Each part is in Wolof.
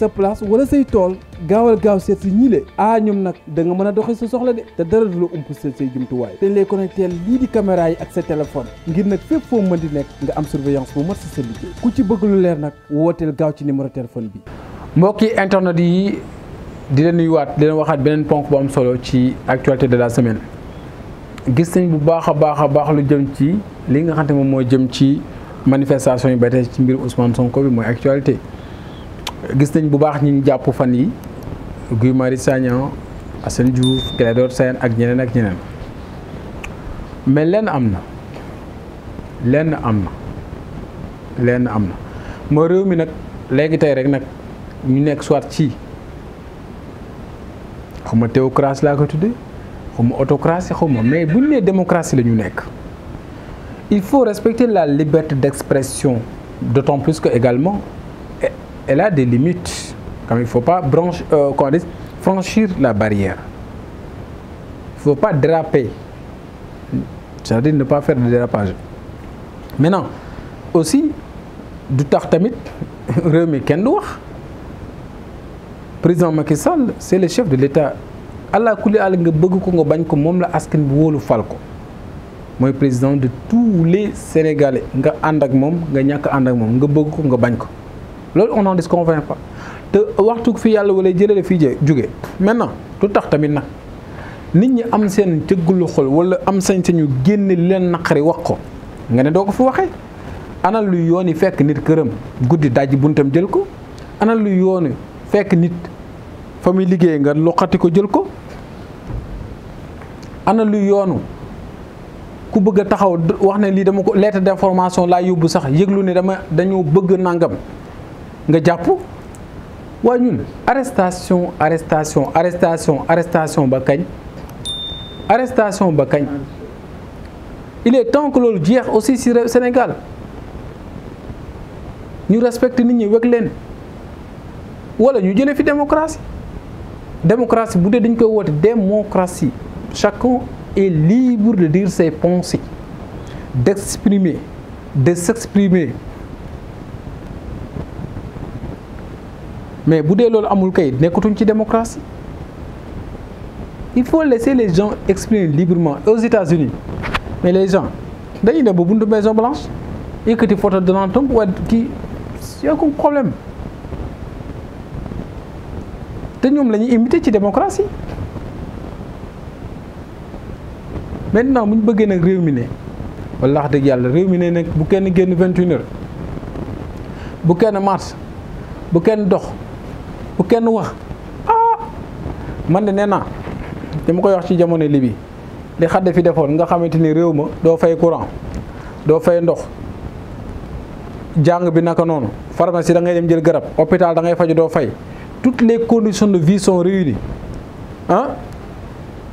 sa place wala say tool gaawal gaaw seet si ñiile ah ñoom nag da nga mën a doxee sa soxla de te dara du la ump sa say jumtuwaay te ñu lay connecté lii di caméra yi ak sa téléphone ngir nag fépp foo mën di nekk nga am surveillance bu mat si sa liggéey ku ci bëgg lu leer nag wooteel gaaw ci numéro téléphone bi. mbokki internet yi di leen nuyuwaat di leen waxaat beneen ponk bu am solo ci actualité de la semaine gis nañ bu baax a baax a baax lu jëm ci li nga xam ne moom moo jëm ci manifestation yi ba ci mbir Ousmane Sonko bi actualité. gis nañ bu baax ñi ñu jàpp fan yi Guy Marius Sagna Assane Diouf Clédor Sène ak ñeneen ak ñeneen mais lenn am na lenn am na lenn am na mooy réew mi nag léegi tey rek nag ñu nekk soit ci xaw ma théocratie laa ko tuddee xaw ma autocratie xaw ma mais bu ñu nee démocratie la ñu nekk il faut respecter la liberté d'expression d'autant plus que également elle a des limites. Quand il ne faut pas branche, euh, franchir la barrière. Il ne faut pas draper. C'est-à-dire ne pas faire de dérapage. Maintenant, aussi, du tax tamit tartamite, Rémi Kendouach, président Macky Sall, c'est le chef de l'État. Allah Kouli Al nga bëgg ko nga bañ ko moom la askin bi woolu fal ko mooy président de tous les sénégalais nga ànd ak moom nga ñàkk ànd ak moom nga bëgg ko nga bañ ko loolu on n'en disconvient pas te waxtu fi yàlla wala jëlee fii jë jóge maintenant lu tax tamit nag nit ñi am seen cëggulu xol wala am sañ-sañu génne leen naqari wax ko nga ne doo ko fi waxee ana lu yooni fekk nit këram guddi dajji buntam jël ko anal lu fekk nit fa muy liggéey nga loqati ko jël ko ana lu yoonu ku bëgg a taxaw wax ne lii dama ko lettre d'information laa yóbbu sax yëglu ne dama dañu bëgg nangam nga jàpp waa ñun arrestation arrestation arrestation arrestation ba kañ arrestation ba kañ il est temps loolu jeex aussi ci Sénégal ñu respecte nit ñi weg leen wala ñu jëlee fi démocratie démocratie bu dee dañ koy woote démocratie chacun est libre de dire ses pensées d'exprimer de s'exprimer mais bu dee loolu amul kay nekkatuñ ci démocratie il faut laisser les gens exprimer librement aux États-Unis mais les gens dañuy dem ba buntu Maison Blanche yëkkati photo Donald Trump waaye kii y a problème te ñoom la ñuy imiter ci démocratie maintenant bu ñu bëggee nag réew mi ne wala wax dëgg yàlla réew mi ne nag bu kenn genn vingt et bu kenn marche bu kenn dox. bu kenn wax ah, man de nee naa dama koy wax ci jamono li bi li xadde fi defoon nga xamante ni réew ma doo fay courant doo fay ndox jàng bi naka noonu pharmacie da ngay dem jël garab hôpital dangay ngay faju doo fay toutes les conditions de vie sont réunies ah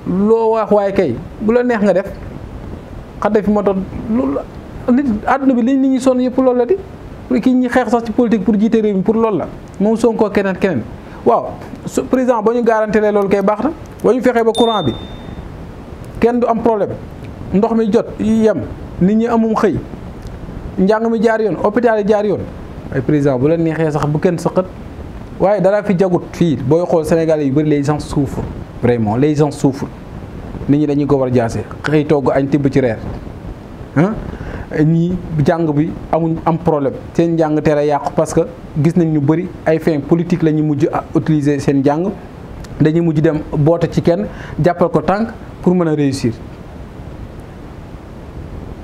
loo wax waaye kay bu la neex nga def xadde fi ma doon loolu nit àdduna bi li nit ñi sonn yëpp loolu la di pour ki ñu xeex sax ci politique pour jiite réew mi pour loolu la moom sonkoo keneen keneen waaw su président ba ñu garanti lee loolu kay baax na ba ñu fexee ba courant bi kenn du am problème ndox mi jot yem nit ñi amum xëy njàng mi jaar yoon hôpital yi jaar yoon ay président bu la neexee sax bu kenn sëqat waaye dara fi jagut fii booy xool Sénégalais yi bëri les gens souffrent vraiment les gens souffrent nit ñi dañuy ko war a jaase xëy togg añ tibb ci reer ñii jàng bi amuñ am problème seen njàng teel yàqu parce que gis nañ ñu bëri ay fin politique la ñu mujj utiliser seen jàng dañuy mujj dem boote ci kenn jàppal ko tànk pour mën a réussir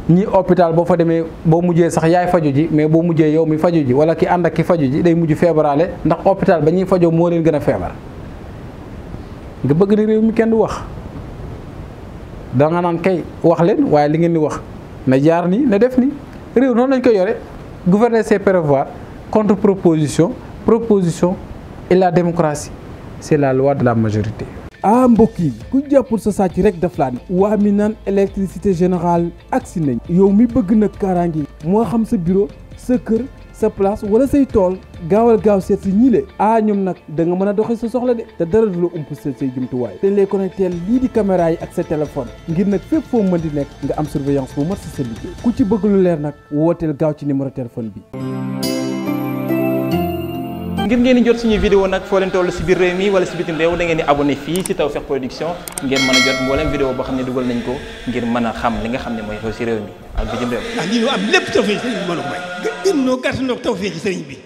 ñii hôpital boo fa demee boo mujjee sax yaay fajo ji mais boo mujjee yow mi faju ji wala ki ànd ak ki fajo ji day mujj feebaraale ndax hôpital ba ñuy fajo moo leen gën a feebar nga bëgg ni réew mi kenn du wax da nga naan kay wax leen waaye li ngeen di wax na jaar ni na def ni réew noonu lañ koy yore gouverner c'est prévoir contre proposition proposition et la démocratie c'est la loi de la majorité ah mbokk yi ku jàppul sa sàcc rek daf laa ne waa mi naan électricité générale agsi nañ yow mi bëgg nag kaaraange moo xam sa bureau sa kër sa place wala say tool gaawal gaaw seet si ñi le nag da nga mën a dox sa soxla de te dara du la ump seet say jumtuwaay te ñu lay connecté lii di caméra yi ak sa téléphone ngir nag fépp foo mën di nekk nga am surveillance bu mat si sa liggéey ku ci bëgg lu leer nag wooteel gaaw ci numéro téléphone bi. ngir ngeen di jot suñu vidéo nag foo leen toll si biir réew mi wala si bitim réew da ngeen di abonné fii si Tawfekh Production ngeen mën a jot mboolem boo xam ne dugal nañ ko ngir mën a xam li nga xam ne mooy xew si réew mi ak bi ci ah, am lépp tawfeex ci bi moo la ko may. gën noo gàtt bi.